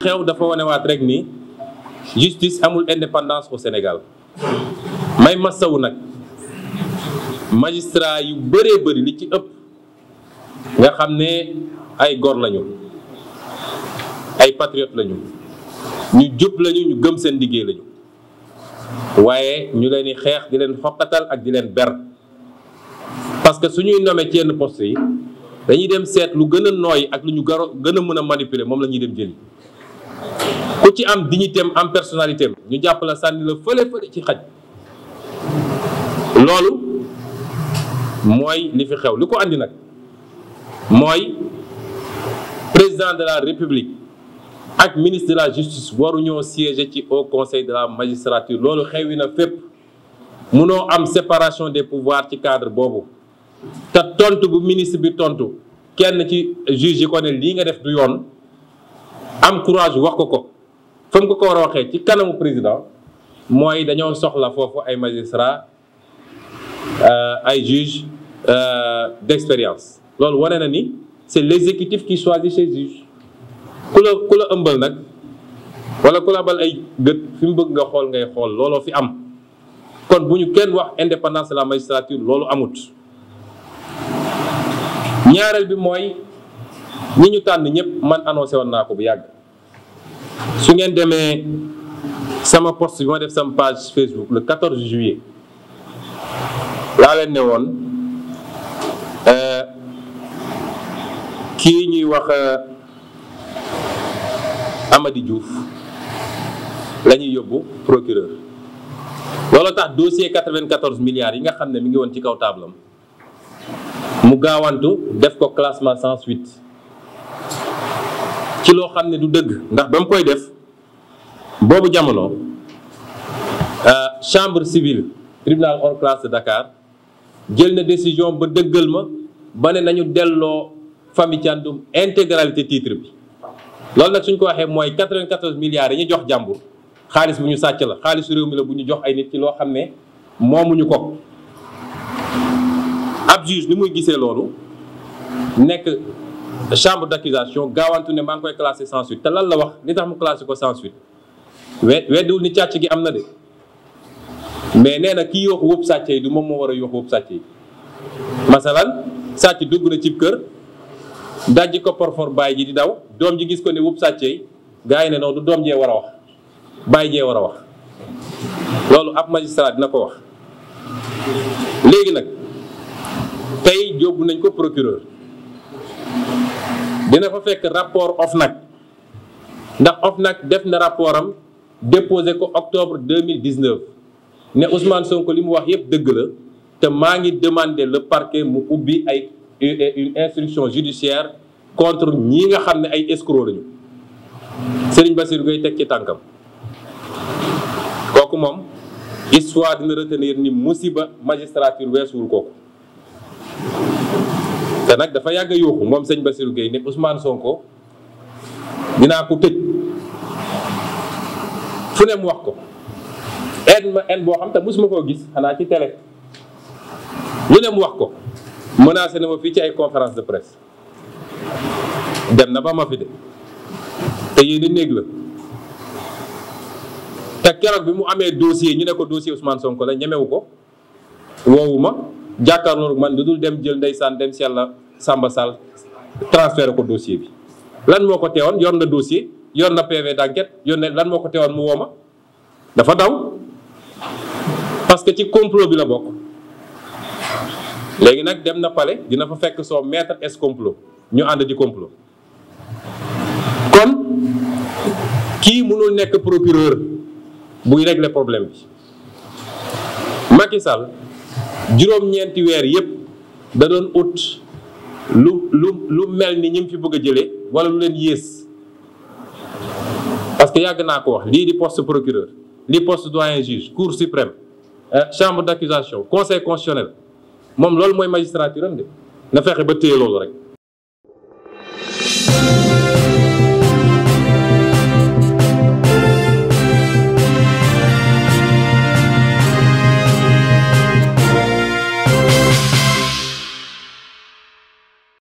xew dafa wanewaat rek ni justice amul indépendance au Sénégal may masawu nag magistrat yu bëree bëri li ci ëpp nga xam ne ay góor lañu ay patriote lañu ñu jub lañu ñu gëm seen liggéey lañu waaye ñu leen di xeex di leen xoqatal ak di leen ber parce que su ñuy nommé ci yenn poste yi dañuy dem seet lu gën a nooy ak lu ñu garo gën a mën a manipuler moom la ñuy dem jëli ku ci am dignité am am personnalité am ñu jàpp la sànni la fële fële ci xaj loolu mooy li fi xew li ko indi nag mooy président de la république. ak ministre de la justice waruñoo siéger ci au conseil de la magistrature loolu xewi na fépp noo am séparation des pouvoirs ci cadre boobu te tontu bu ministre bi tontu kenn ci juge yi ko ne lii nga def du yoon am courage wax ko ko fa mu ko ko war a waxee ci kanamu président mooy dañoo soxla foofu ay magistrat euh, ay juge euh, d'expérience loolu wane na ni c'est l'exécutif qui choisit ses juges ku la ku la ëmbal nag wala ku la bal ay gët fi mu bëgg nga xool ngay xool looloo fi am kon bu ñu kenn wax indépendance la magistrature loolu amut ñaareel bi mooy ñi ñu tànn ñëpp man annoncé woon naa ko bu yàgg su ngeen demee sama post bi ma def sama page Facebook le 14 juillet laa ne woon euh, kii ñuy wax euh, Amady Diouf la ñuy yóbbu procureur loolu tax dossier 94 milliards yi nga xam ne mu ngi woon ci kaw taabalam mu gaawantu def ko classement sans suite ci loo xam ne du dëgg ndax ba mu koy def boobu jamono euh, chambre civile tribunal on classe de Dakar jël na décision ba dëggal ma ba ne nañu delloo famille Thiandoum intégralité titre bi loolu nag suñ ko waxee mooy 94 milliards yi ñu jox jàmbur xaalis bu ñu sàcc la xaalisu réew mi la bu ñu jox ay nit ci loo xam ne moomuñu ko ab juge ni muy gisee loolu nekk chambre d'accusation gaawantu ne maa ngi koy classé sans suite te lan la wax ni tax mu classé ko sans suite we weddiwul ni càcc gi am na de mais nee na kii yooxu wëpp sàcce yi du moom moo war a yooxu wëpp sàcce yi masalan sàcc dugg na cib kër dajji ko porfor bàyyi ji di daw doom ji gis ko ne wub sàccee gars yi ne noonu doom jee war a wax bàyyi jee war a wax loolu ab magistrat dina ko wax léegi nag tey yóbbu nañ ko procureur dina fa fekk rapport nag ndax nag def na rapport am déposé ko octobre 2019 ne Ousmane Sonko li mu wax yépp dëgg la te maa ngi demandé le parquet mu ubbi ay une instruction judiciaire contre ñi nga xam ne ay escrocs lañu Serigne Bassirou Gueye teg ci tànkam kooku moom histoire dina retenir ni musiba magistrature weesuwul kooku te nag dafa yàgg a yuuxu moom sëñ Bassirou Gueye ne Ousmane Sonko dinaa ko tëj fu ne mu wax ko en ma en boo xam te mosuma koo gis xanaa ci télé lu ne mu wax ko menacé na ma fii ci ay conférence de presse dem na ba ma fi de te yéen di néeg la te keroog bi mu amee dossier ñu ne ko dossier Ousmane Sonko la ñemewu ko woowu ma jàkkaarloog man du dul dem jël ndeysaan dem Sylla sàmba Sall transféré ko dossier bi lan moo ko teewoon yor na dossier yor na PV d'enquête yor na lan moo ko teewoon mu wooma dafa daw parce que ci complot bi la bokk. léegi nag dem na pale dina fa fekk soo maître es complot ñu ànd di complot kon kii mënul nekk procureur buy régler problème bi Macky Sall juróom-ñeenti weer yépp da doon ut lu lu lu mel ni ñi mu fi bëgg a jëlee wala lu leen yées parce que yàgg naa ko wax lii di poste procureur lii poste doyen juge cour suprême eh, chambre d'accusation conseil constitutionnel moom loolu mooy magistrature am de na fexe ba téye loolu rek.